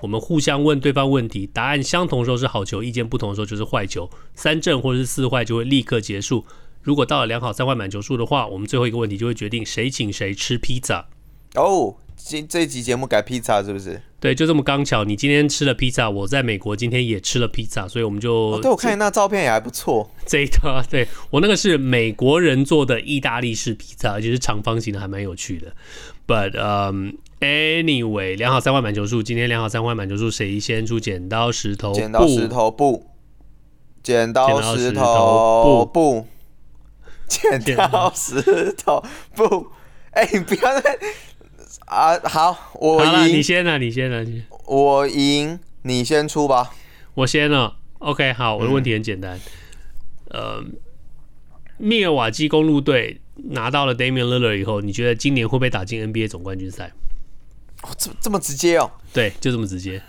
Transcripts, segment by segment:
我們互相問對方問題，答案相同的時候是好球，意見不同的時候就是壞球。三正或者是四壞就會立刻結束。如果到了兩好三壞滿球數的話，我們最後一個問題就會決定誰請誰吃披薩。哦，今這一集節目改披薩是不是？對，就這麼剛巧，你今天吃了披薩，我在美國今天也吃了披薩，所以我們就、哦、對，我看你那照片也還不錯。這一套對，我那個是美國人做的意大利式披薩，而、就、且是長方形的，還蠻有趣的。But um, anyway，兩好三壞滿球數。今天兩好三壞滿球數，誰先出剪刀石頭布？剪刀石頭布。剪刀石頭布。剪刀石頭布。哎，你 Yeah.、欸、不要再……啊！好，我贏，你先了、啊，你先了、啊。你先我贏，你先出吧。我先了。OK，好，我的問題很簡單。呃、嗯嗯，密爾瓦基公鹿隊。拿到了 Damian Lillard 以後，你覺得今年會不會打進 NBA 總冠軍賽？哦，這這麼直接哦？對，就這麼直接。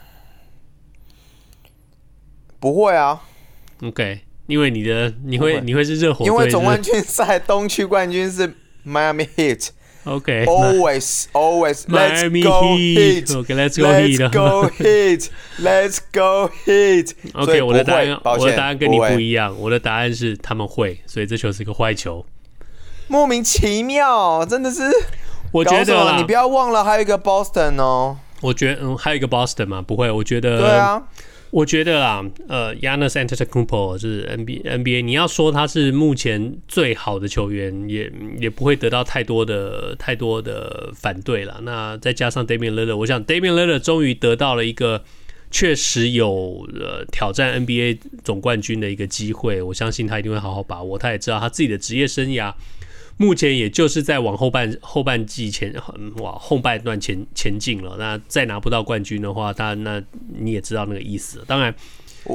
不會啊。OK，因為你的你會你會是熱火？因為總冠軍賽東區冠軍是 Miami Heat。OK，Always，Always，Miami Heat。OK，Let's Go Heat。Let's Go Heat。Let's Go Heat。OK，我的答案，我的答案跟你不一樣。我的答案是他們會，所以這球是一個壞球。莫名其妙，真的是，我覺得你不要忘了還有一個 Boston 哦、喔。我覺得嗯，還有一個 Boston 嘛，不會，我覺得對啊，我覺得啊，呃，Giannis Antetokounmpo 是 N B N B A，你要說他是目前最好的球員，也也不會得到太多的太多的反對了。那再加上 Damian Lillard，我想 Damian Lillard 終於得到了一個確實有、呃、挑戰 N B A 總冠軍的一個機會，我相信他一定會好好把握。他也知道他自己的職業生涯。目前也就是在往後半後半季前往後半段前前進了，那再拿不到冠軍的話，他那你也知道那個意思。當然，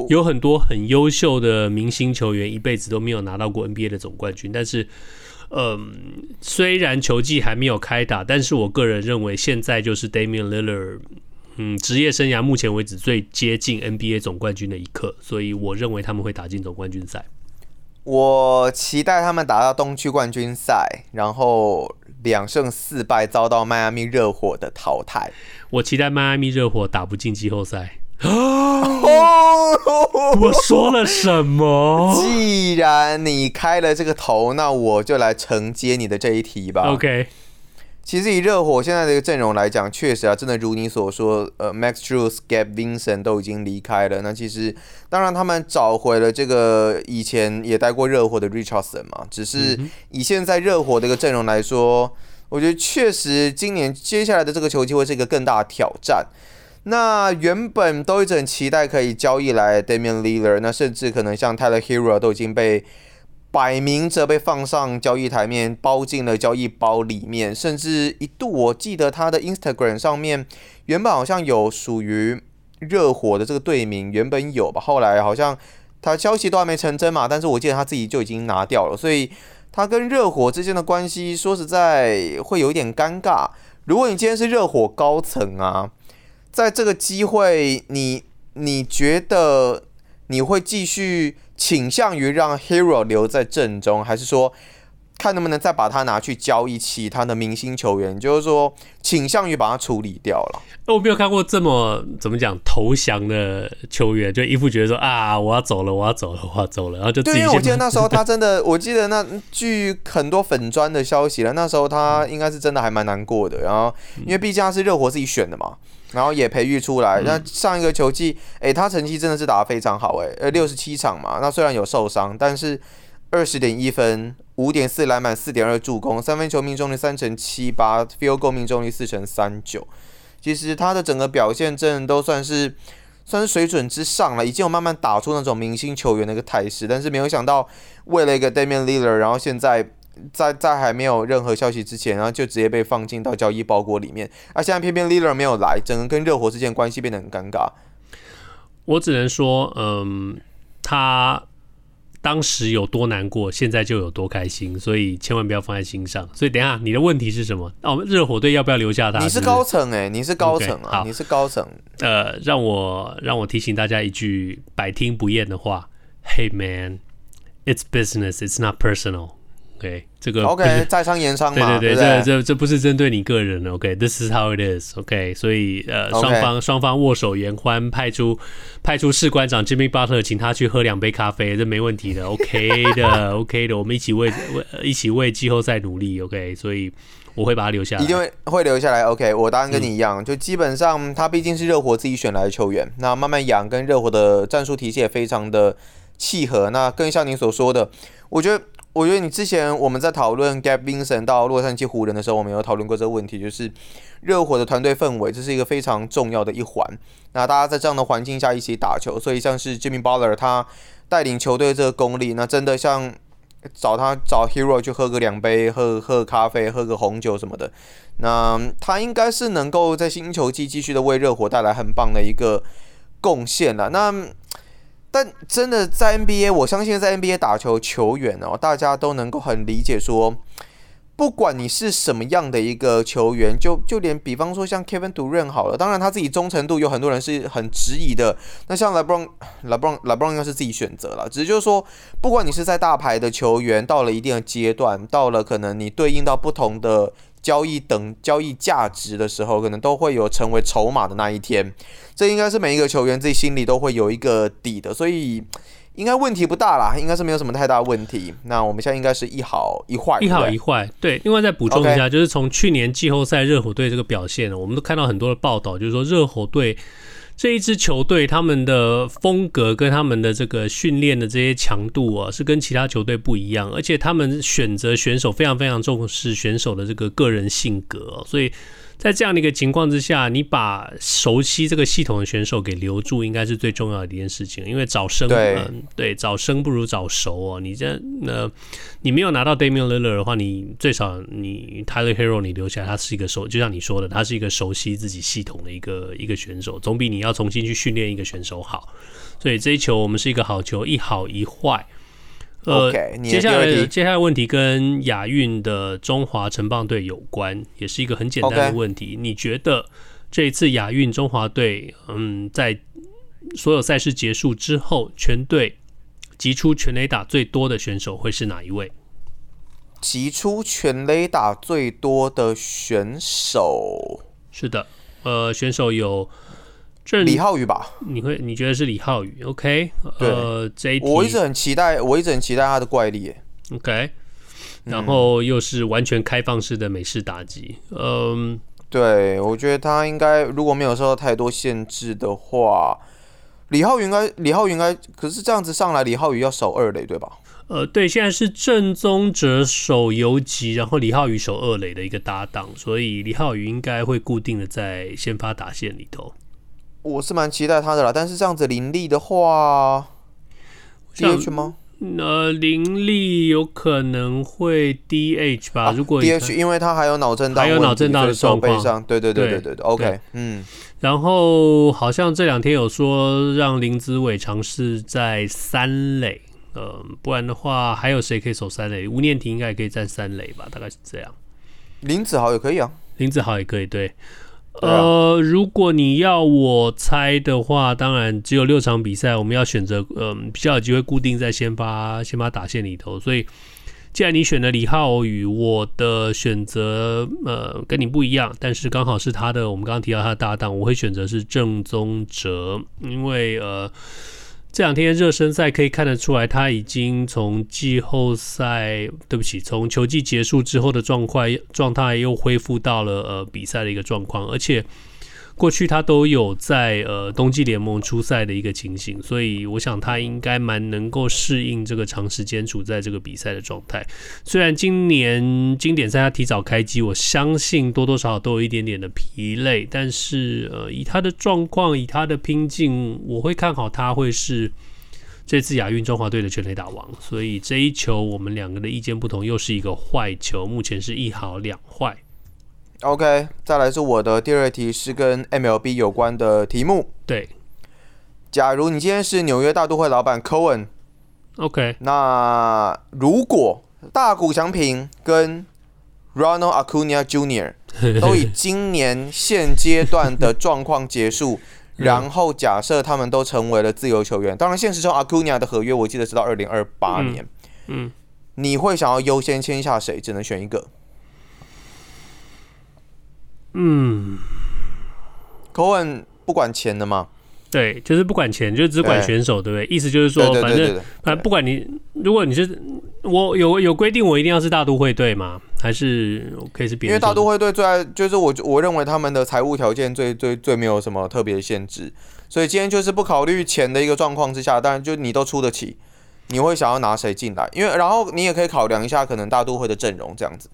有很多很優秀的明星球員一輩子都沒有拿到過 NBA 的總冠軍，但是，嗯、呃，雖然球季還沒有開打，但是我個人認為現在就是 Damian Lillard，嗯，職業生涯目前為止最接近 NBA 總冠軍的一刻，所以我認為他們會打進總冠軍賽。我期待他們打到東區冠軍賽，然後兩勝四敗遭到邁阿密熱火的淘汰。我期待邁阿密熱火打不進季後賽。啊、我， 我說了什麼？既然你開了這個頭，那我就來承接你的這一題吧。OK。其實以熱火現在的這個陣容來講，確實啊，真的如你所說，呃，Max Strus、Gabe Vincent 都已經離開了。那其實，當然他們找回了這個以前也待過熱火的 Richardson 嘛。只是以現在熱火的一個陣容來說，我覺得確實今年接下來的這個球季會是一個更大的挑戰。那原本都一直很期待可以交易來 Damian Lillard，那甚至可能像 Tyler Herro 都已經被。擺明着被放上交易台面，包進了交易包裡面，甚至一度我記得他的 Instagram 上面，原本好像有屬於熱火的這個隊名，原本有吧，後來好像他消息都還沒成真嘛，但是我記得他自己就已經拿掉了，所以他跟熱火之間的關係，說實在會有點尷尬。如果你今天是熱火高層啊，在這個機會你，你你覺得你會繼續？傾向於讓 Hero 留在陣中，還是說看能不能再把他拿去交易其他的明星球員？就是說，傾向於把他處理掉了。我沒有看過這麼怎麼講投降的球員，就一副覺得說啊，我要走了，我要走了，我要走了，然後就自己。對，因為我記得那時候他真的， 我記得那據很多粉專的消息了，那時候他應該是真的還蠻難過的。然後，因為畢竟他是熱火自己選的嘛。然後也培育出來。那、嗯、上一個球季，誒、欸，他成績真的是打得非常好、欸，誒，呃，六十七場嘛。那雖然有受傷，但是二十點一分，五點四籃板，四點二助攻，三分球命中率三成七八，field goal 命中率四成三九。39其實他的整個表現真的都算是算是水準之上了，已經有慢慢打出那種明星球員的一個態勢。但是沒有想到，為了一個 Damian Lillard，然後現在。在在還沒有任何消息之前，然後就直接被放進到交易包裹裡面。而、啊、現在偏偏 Lillard 沒有來，整個跟熱火之間關係變得很尷尬。我只能說，嗯，他當時有多難過，現在就有多開心，所以千萬不要放在心上。所以等下，你的問題是什麼？那我們熱火隊要不要留下他？你是高層哎、欸，是是你是高層啊，okay, 好你是高層。呃，讓我讓我提醒大家一句百聽不厭的話：Hey man, it's business, it's not personal. O、okay, K，這個 O、okay, K，在商言商嘛，對對對，對對這這,這不是針對你個人的。O、okay? K，this is how it is。O K，所以呃，Okay. 雙方雙方握手言歡，派出派出士官長 Jimmy Butler 請他去喝兩杯咖啡，這沒問題的。O、okay、K 的，O、okay、 K、okay、的，我們一起為為一起為季後賽努力。O、okay? K，所以我會把他留下來，一定會會留下來。O、okay? K，我當然跟你一樣，嗯、就基本上他畢竟是熱火自己選來的球員，那慢慢養，跟熱火的戰術體系也非常的契合。那更像您所說的，我覺得。我覺得你之前我們在討論 Gabe Vincent 到洛杉磯湖人的時候，我們有討論過這個問題，就是熱火的團隊氛圍，這是一個非常重要的一環。那大家在這樣的環境下一起打球，所以像是 Jimmy Butler 他帶領球隊這個功力，那真的像找他找 Hero 去喝個兩杯，喝喝咖啡，喝個紅酒什麼的，那他應該是能夠在新球季繼續的為熱火帶來很棒的一個貢獻了。那但真的在 NBA，我相信在 NBA 打球球員哦、喔，大家都能夠很理解說，不管你是什麼樣的一個球員，就就連比方說像 Kevin Durant 好了，當然他自己忠誠度有很多人是很質疑的。那像 LeBron，LeBron，LeBron 應該是自己選擇了。只是就是說，不管你是在大牌的球員，到了一定的階段，到了可能你對應到不同的。交易等交易價值的時候，可能都會有成為籌碼的那一天。這應該是每一個球員自己心裡都會有一個底的，所以應該問題不大啦，應該是沒有什麼太大的問題。那我們現在應該是一好一壞，一好一壞，對。另外再補充一下，就是從去年季後賽熱火隊這個表現呢，我們都看到很多的報道，就是說熱火隊。這一支球隊，他們的風格跟他們的這個訓練的這些強度啊，是跟其他球隊不一樣，而且他們選擇選手，非常非常重視選手的這個個人性格，所以。在這樣的一個情況之下，你把熟悉這個系統的選手給留住，應該是最重要的一件事情。因為早生，對，對，早生不如早熟哦。你這，呃，你沒有拿到 Damian Lillard 的話，你最少你 Tyler Herro 你留下來，他是一個熟，就像你說的，他是一個熟悉自己系統的一個一個選手，總比你要重新去訓練一個選手好。所以這一球，我們是一個好球，一好一壞。呃，okay，的接下來接下來問題跟亞運的中華成棒隊有關，也是一個很簡單的問題。Okay. 你覺得這一次亞運中華隊，嗯，在所有賽事結束之後，全隊擊出全壘打最多的選手會是哪一位？擊出全壘打最多的選手。是的，呃，選手有。是正李浩宇吧？你會你覺得是李浩宇？OK，對呃，這一我一直很期待，我一直很期待他的怪力。OK，然後又是完全開放式的美式打擊。嗯、呃，對，我覺得他應該如果沒有受到太多限制的話，李浩宇應該李浩宇應該可是這樣子上來，李浩宇要守二壘對吧？呃，對，現在是正宗者守游擊，然後李浩宇守二壘的一個搭檔，所以李浩宇應該會固定的在先發打線裡頭。我是蠻期待他的啦，但是這樣子林立的話像，DH 嗎？呃，林立有可能會 DH 吧。啊、如果 DH，因為他還有腦震盪，還有腦震盪題的狀況。對對對對對 OK 嗯，然後好像這兩天有說讓林子偉嘗試在三壘，嗯、呃，不然的話還有誰可以守三壘？吳念庭應該也可以站三壘吧，大概是這樣。林子豪也可以啊，林子豪也可以，對。啊、呃，如果你要我猜的話，當然只有六場比賽，我們要選擇，嗯、呃，比較有機會固定在先發、先發打線裡頭。所以，既然你選了李浩宇，我的選擇，呃，跟你不一樣，但是剛好是他的，我們剛剛提到他的搭檔，我會選擇是鄭宗哲，因為，呃。這兩天熱身賽可以看得出來，他已經從季後賽，對不起，從球季結束之後的狀況狀態又恢復到了呃，比賽的一個狀況，而且。過去他都有在呃冬季聯盟出賽的一個情形，所以我想他應該蠻能夠適應這個長時間處在這個比賽的狀態。雖然今年經典賽他提早開機，我相信多多少少都有一點點的疲累，但是呃以他的狀況，以他的拼勁，我會看好他會是這次亞運中華隊的全壘打王。所以這一球我們兩個的意見不同，又是一個壞球，目前是一好兩壞。OK，再來是我的第二題，是跟 MLB 有關的題目。對，假如你今天是紐約大都會老板 Cohen，OK，h、oh、Okay 那如果大谷翔平跟 Ronald Acuna Jr. 都以今年現階段的狀況結束， 然後假設他們都成為了自由球員，嗯、當然現實中 Acuna 的合約我記得直到二零二八年嗯，嗯，你會想要優先簽下誰？只能選一個。嗯，口吻不管錢的嗎？對，就是不管錢，就只管選手，對不對？意思就是說，反正反正不管你，如果你是，我有有規定，我一定要是大都會隊嗎？還是可以是別人？因為大都會隊最，就是我我認為他們的財務條件最最最最最沒有什麼特別限制，所以今天就是不考慮錢的一個狀況之下，當然就你都出得起，你會想要拿誰進來？因為然後你也可以考量一下可能大都會的陣容這樣子。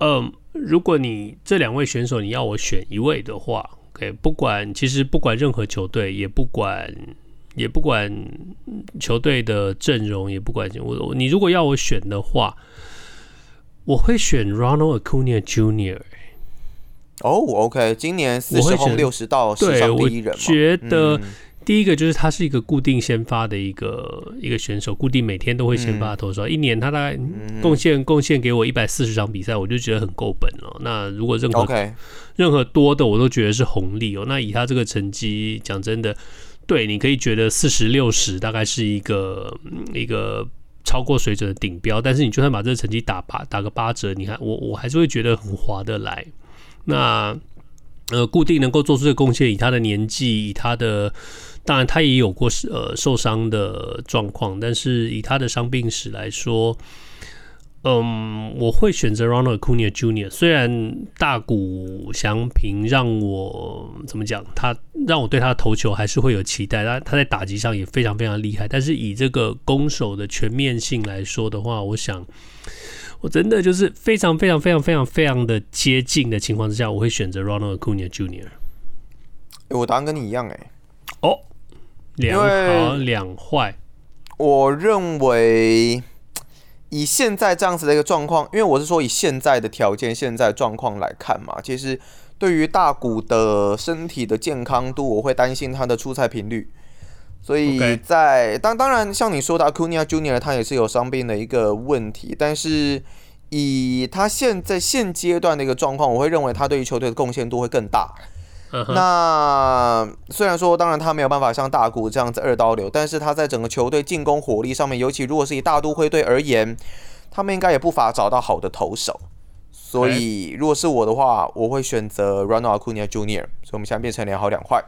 嗯，um, 如果你這兩位選手你要我選一位的話，OK，不管其實不管任何球隊，也不管也不管球隊的陣容，也不管我，你如果要我選的話，我會選 Ronald Acuna Jr. 哦、oh,，OK，今年四十後六十到史上第一人。第一個就是他是一個固定先發的一個一個選手，固定每天都會先發的投手，嗯、一年他大概貢獻、嗯、貢獻給我一百四十場比賽，我就覺得很夠本哦。那如果任何 Okay. 任何多的，我都覺得是紅利哦。那以他這個成績，講真的，對，你可以覺得四十六十大概是一個一個超過水準的頂標。但是你就算把這個成績打八打個八折，你看我我還是會覺得很划得來。那呃，固定能夠做出的貢獻，以他的年紀，以他的。當然，他也有過呃受傷的狀況，但是以他的傷病史來說，嗯，我會選擇 Ronald Acuna Junior。雖然大谷翔平讓我怎麼講，他讓我對他的投球還是會有期待，他他在打擊上也非常非常厲害，但是以這個攻守的全面性來說的話，我想，我真的就是非常非常非常非常非常的接近的情況之下，我會選擇 Ronald Acuna Junior。哎，我答案跟你一樣哎、欸。哦。兩好對兩壞，我認為以現在這樣子的一個狀況，因為我是說以現在的條件、現在狀況來看嘛，其實對於大谷的身體的健康度，我會擔心他的出賽頻率。所以在當 Okay. 當然，像你說的阿庫尼亞 Junior，他也是有傷病的一個問題，但是以他現在現階段的一個狀況，我會認為他對於球隊的貢獻度會更大。Uh huh，那雖然說，當然他沒有辦法像大谷這樣子二刀流，但是他在整個球隊進攻火力上面，尤其如果是以大都會隊而言，他們應該也不乏找到好的投手。所以如果是我的話，我會選擇 r o n a l d a Junior。所以我們現在變成兩好兩壞。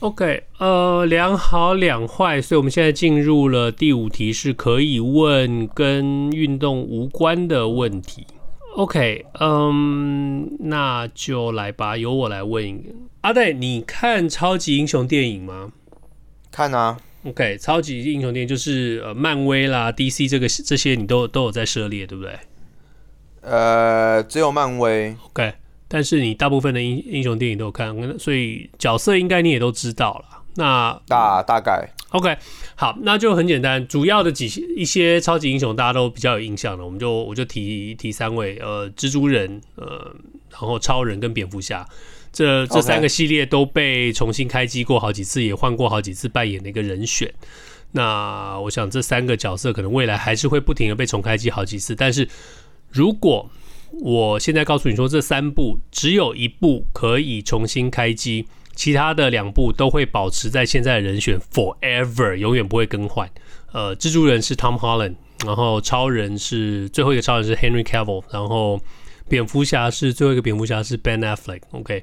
OK，呃，兩好兩壞，所以我們現在進入了第五題，是可以問跟運動無關的問題。OK，嗯，那就來吧，由我來問一個。阿戴，你看超級英雄電影嗎？看啊。OK，超級英雄電影就是呃，漫威啦、DC 這個這些你都都有在涉獵，對不對？呃，只有漫威。OK，但是你大部分的英英雄電影都有看，所以角色應該你也都知道了。那大大概，OK，好，那就很簡單，主要的幾一些超級英雄大家都比較有印象了，我們就我就提提三位，呃，蜘蛛人，呃，然後超人跟蝙蝠俠，這這三個系列都被重新開機過好幾次，Okay 也換過好幾次扮演的一個人選。那我想這三個角色可能未來還是會不停的被重開機好幾次，但是如果我現在告訴你說這三部只有一部可以重新開機。其他的兩部都會保持在現在的人選，forever 永遠不會更換。呃，蜘蛛人是 Tom Holland，然後超人是最後一個超人是 Henry Cavill，然後蝙蝠俠是最後一個蝙蝠俠是 Ben Affleck。OK，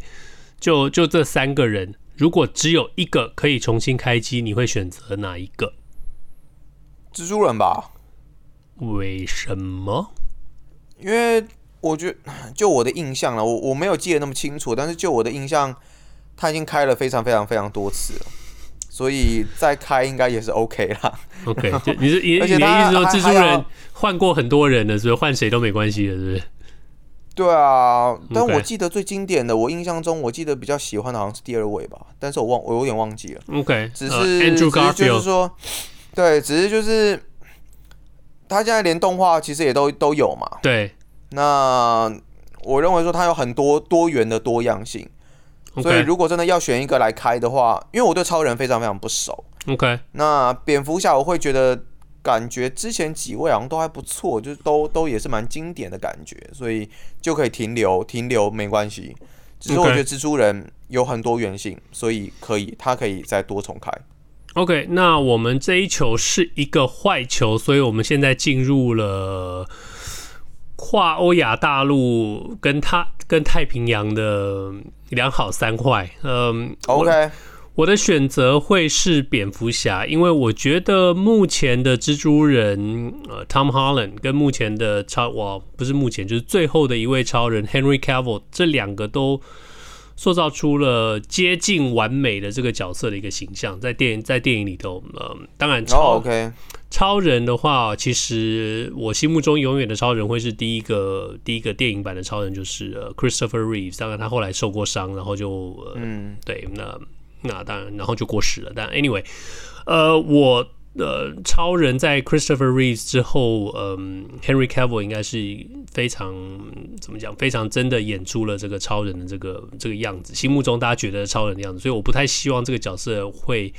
就就這三個人，如果只有一個可以重新開機，你會選擇哪一個？蜘蛛人吧？為什麼？因為我覺得，就我的印象了，我我沒有記得那麼清楚，但是就我的印象。他已經開了非常非常非常多次了，所以再開應該也是 OK 啦。OK，然後，你是而且你的意思是說蜘蛛人換過很多人了，所以換誰都沒關係了，是不是？對啊，Okay. 但我記得最經典的，我印象中，我記得比較喜歡的好像是第二位吧，但是我忘，我有點忘記了。OK，只是，uh，只是就是說，對，只是就是他現在連動畫其實也都都有嘛。對，那我認為說他有很多多元的多樣性。所以如果真的要選一個來開的話，因為我對超人非常非常不熟。OK，那蝙蝠俠我會覺得感覺之前幾位好像都還不錯，就是都都也是蠻經典的感覺，所以就可以停留停留沒關係。只是我覺得蜘蛛人有很多元性，所以可以他可以再多重開。OK，那我們這一球是一個壞球，所以我們現在進入了跨歐亞大陸跟他跟太平洋的兩好三壞，嗯，OK，我，我的選擇會是蝙蝠俠，因為我覺得目前的蜘蛛人，呃，Tom Holland 跟目前的超，我不是目前就是最後的一位超人 Henry Cavill，這兩個都塑造出了接近完美的這個角色的一個形象，在電影在電影裡頭，嗯、呃，當然超、oh, OK。超人的話，其實我心目中永遠的超人會是第一個第一個電影版的超人，就是 Christopher Reeves。當然，他後來受過傷，然後就嗯，對，那那當然，然後就過世了。但 anyway，呃，我的、呃、超人在 Christopher Reeves 之後，嗯、呃，Henry Cavill 應該是非常怎麼講，非常真的演出了這個超人的這個這個樣子。心目中大家覺得超人的樣子，所以我不太希望這個角色會，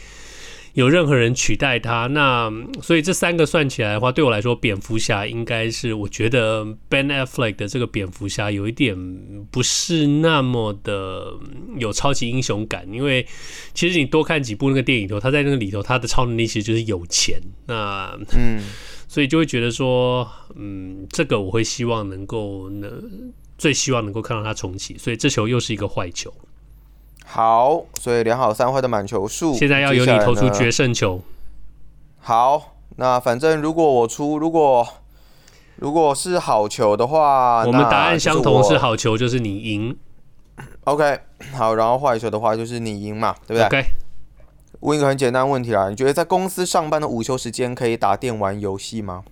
有任何人取代他。那所以這三個算起來的話，對我來說，蝙蝠俠應該是我覺得 Ben Affleck 的這個蝙蝠俠有一點不是那麼的有超級英雄感，因為其實你多看幾部那個電影頭，他在那個裡頭，他的超能力其實就是有錢。那嗯，所以就會覺得說，嗯，這個我會希望能夠能最希望能夠看到他重啟，所以這球又是一個壞球。好，所以兩好三壞的滿球數。現在要由你投出決勝球。好，那反正如果我出，如果，如果是好球的話，我們答案相同是，是好球，就是你贏。OK，好，然後壞球的話就是你贏嘛，對不對？Okay. 問一個很簡單的問題啦，你覺得在公司上班的午休時間可以打電玩遊戲嗎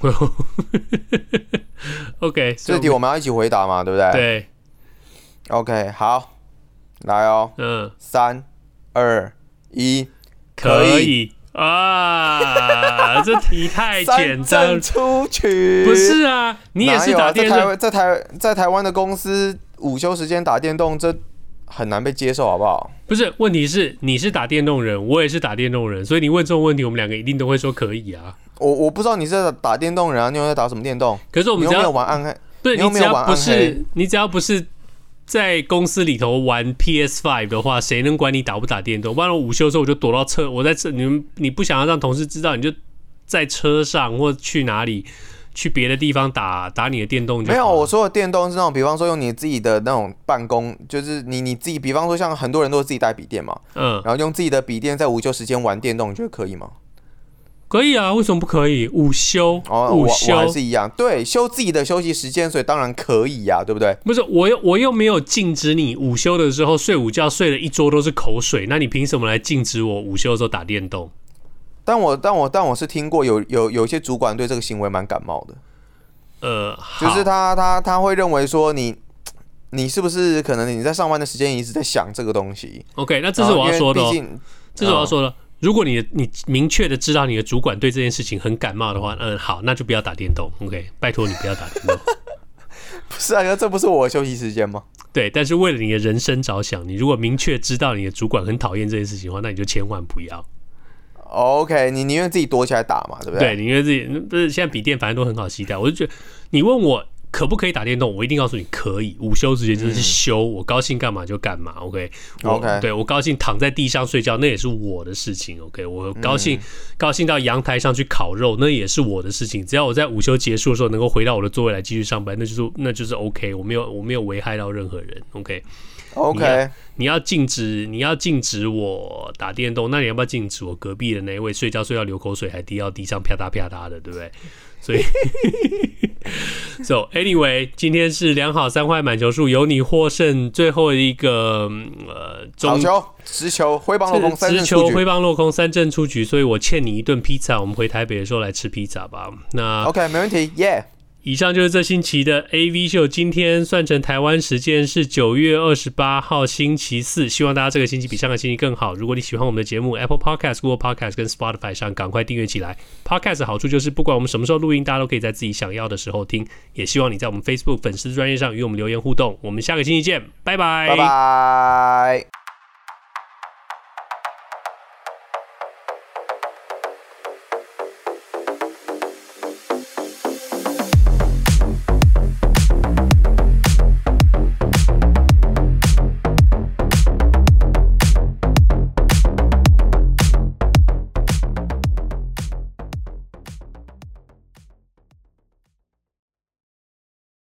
？OK，這 so 題我們要一起回答嘛，對不對？對。OK，好，來哦、喔，嗯，三、二、一，可以，可以啊！ 這題太簡單，出局。 不是啊，你也是打電動，啊、在台在台在台灣的公司午休時間打電動，這很難被接受，好不好？不是，問題是你是打電動人，我也是打電動人，所以你問這種問題，我們兩個一定都會說可以啊。我我不知道你是打電動人啊，你又在打什麼電動？可是我們你沒有玩暗黑，對，你沒有玩暗黑？不是，你只要不是。在公司裡頭玩 PS Five 的話，誰能管你打不打電動？完了午休的時候我就躲到車，我在車。你們你不想要讓同事知道，你就在車上或去哪裡去別的地方打打你的電動就。沒有，我說的電動是那種，比方說用你自己的那種辦公，就是你你自己，比方說像很多人都是自己帶筆電嘛，嗯，然後用自己的筆電在午休時間玩電動，你覺得可以嗎？可以啊，為什麼不可以午休？哦，午休還是一樣，對，休自己的休息時間，所以當然可以呀，對不對？不是，我又我又沒有禁止你午休的時候睡午覺，睡了一桌都是口水，那你憑什麼來禁止我午休的時候打電動？但我但我但我是聽過有有有些主管對這個行為蠻感冒的，呃，就是他他他會認為說你你是不是可能你在上班的時間一直在想這個東西？OK，那這是我要說的喔，畢竟，這是我要說的。如果你你明確的知道你的主管對這件事情很感冒的話，嗯，好，那就不要打電動，OK，拜託你不要打電動。 不是啊，哥，這不是我的休息時間嗎？對，但是為了你的人生着想，你如果明確知道你的主管很討厭這件事情的話，那你就千萬不要。OK，你寧願自己躲起來打嘛，對不對？對，你寧願自己不是現在筆電反正都很好攜帶，我就覺得你問我，可不可以打電動？我一定告訴你可以。午休時間就是休，嗯、我高興幹嘛就幹嘛。OK，OK，、okay? Okay. 對，我高興躺在地上睡覺，那也是我的事情。OK，我高興、嗯、高興到陽台上去烤肉，那也是我的事情。只要我在午休結束的時候能夠回到我的座位來繼續上班，那就是那就是 OK。我沒有我沒有危害到任何人。OK，OK，、okay? Okay. 你，你要禁止你要禁止我打電動，那你要不要禁止我隔壁的那位睡覺睡到流口水還滴到地上啪嗒啪嗒的，對不對？所以，走、 so，Anyway，今天是兩好三壞滿球數，由你獲勝，最後一個呃總球直球揮棒落空，直球揮棒落空三振出局，局，所以我欠你一頓披薩，我們回台北的時候來吃披薩吧。那 OK，沒問題，Yeah。以上就是這星期的 AV 秀。今天算成台灣時間是九月二十八號星期四，希望大家這個星期比上個星期更好。如果你喜歡我們的節目，Apple Podcast、Google Podcast 跟 Spotify 上趕快訂閱起來。Podcast 的好處就是不管我們什麼時候錄音，大家都可以在自己想要的時候聽。也希望你在我們 Facebook 粉絲專頁上與我們留言互動。我們下個星期見，拜拜，拜拜。